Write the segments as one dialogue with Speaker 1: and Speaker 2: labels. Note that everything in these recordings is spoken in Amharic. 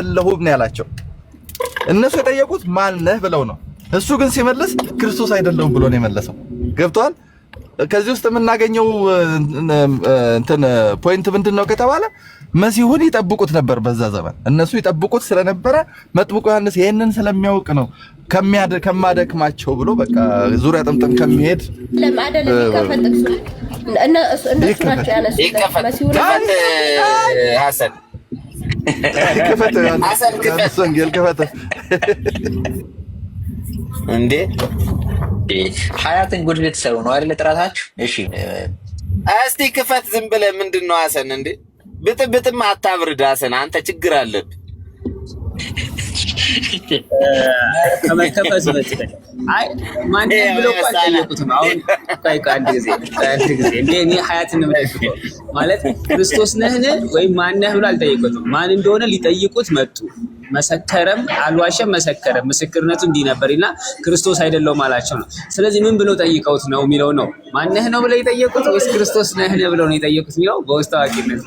Speaker 1: አይደለሁም ነው ያላቸው። እነሱ የጠየቁት ማን ነህ ብለው ነው። እሱ ግን ሲመልስ ክርስቶስ አይደለሁም ብሎ ነው የመለሰው። ገብቷል። ከዚህ ውስጥ የምናገኘው እንትን ፖይንት ምንድን ነው ከተባለ መሲሁን ይጠብቁት ነበር በዛ ዘመን። እነሱ ይጠብቁት ስለነበረ መጥምቁ ዮሐንስ ይህንን ስለሚያውቅ ነው ከማደክማቸው ብሎ በቃ ዙሪያ ጥምጥም ከሚሄድ
Speaker 2: ሀሰን ክፈትሰንጌል ክፈት እንዴ! ሀያትን ጉድ ነው አይደለ? ጥራታችሁ። እሺ እስቲ ክፈት ዝም ብለህ ምንድን ነው አሰን እንዴ ብጥብጥም አታብርድ አሰን፣ አንተ ችግር አለብህ።
Speaker 1: ከመከፈቱ በፊት አይ ማንም ብሎ እኮ አልጠየቁትም። አሁን ቆይ ቆይ አንድ ጊዜ አንድ ጊዜ እንደ እኔ ሀያትን ማለት ክርስቶስ ነህን ወይም ማነህ ብሎ አልጠየቁትም። ማን እንደሆነ ሊጠይቁት መጡ። መሰከረም አልዋሸም፣ መሰከረም ምስክርነቱ እንዲህ ነበር እና ክርስቶስ አይደለውም አላቸው ነው። ስለዚህ ምን ብለው ጠይቀውት ነው የሚለው ነው። ማነህ ነው ብለው የጠየቁት ወይስ ክርስቶስ ነህን ብለው ነው የጠየቁት የሚለው በውስጥ አዋቂነት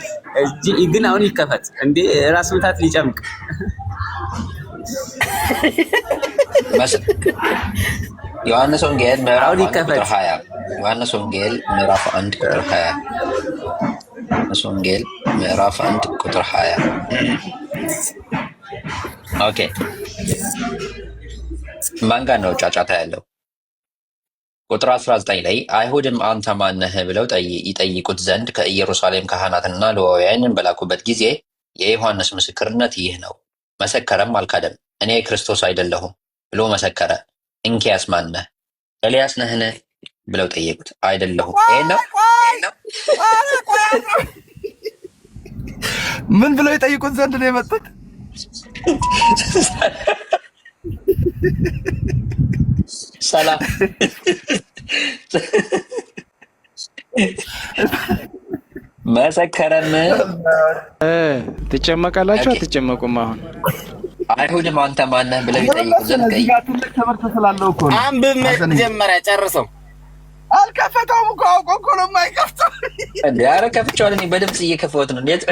Speaker 1: ግን አሁን ይከፈት እንዴ ራስ ምታት ሊጨምቅ
Speaker 2: ዮሐንስ ወንጌል ምዕራፍ ቁጥር 20 ዮሐንስ ወንጌል ምዕራፍ 1 ቁጥር 20 ዮሐንስ ወንጌል ምዕራፍ 1 ቁጥር 20 ኦኬ ማን ጋር ነው ጫጫታ ያለው ቁጥር 19 ላይ አይሁድም አንተ ማነህ ብለው ይጠይቁት ዘንድ ከኢየሩሳሌም ካህናትና ሌዋውያንን በላኩበት ጊዜ የዮሐንስ ምስክርነት ይህ ነው መሰከረም አልካደም እኔ ክርስቶስ አይደለሁም ብሎ መሰከረ። እንኪያስ ማን ነህ? ኤልያስ ነህን? ብለው ጠየቁት። አይደለሁም።
Speaker 1: ምን ብለው የጠይቁት ዘንድ ነው የመጡት?
Speaker 2: ሰላም መሰከረም።
Speaker 1: ትጨመቃላችሁ አትጨመቁም? አሁን
Speaker 2: አይሁድ አንተ ማነህ ብለው ይጠይቁ እኮ አንብብ መጀመሪያ ጨርሰው።
Speaker 1: አልከፈተውም እኮ አውቆ እኮ ነው የማይከፍተው።
Speaker 2: ኧረ ከፍቼዋለሁ እኔ በድምፅ ነው። እንዴት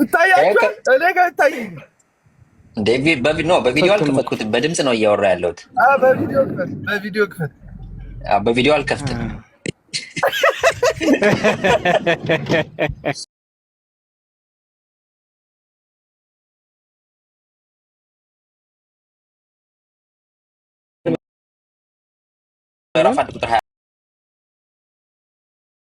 Speaker 1: ይታያቸዋል? እኔ ጋር ይታየኝ
Speaker 2: በቪዲዮ አልከፈትኩትም፣ በድምፅ ነው እያወራ ያለሁት።
Speaker 1: በቪዲዮ
Speaker 2: በቪዲዮ አልከፍትም። Harapan hmm? Putra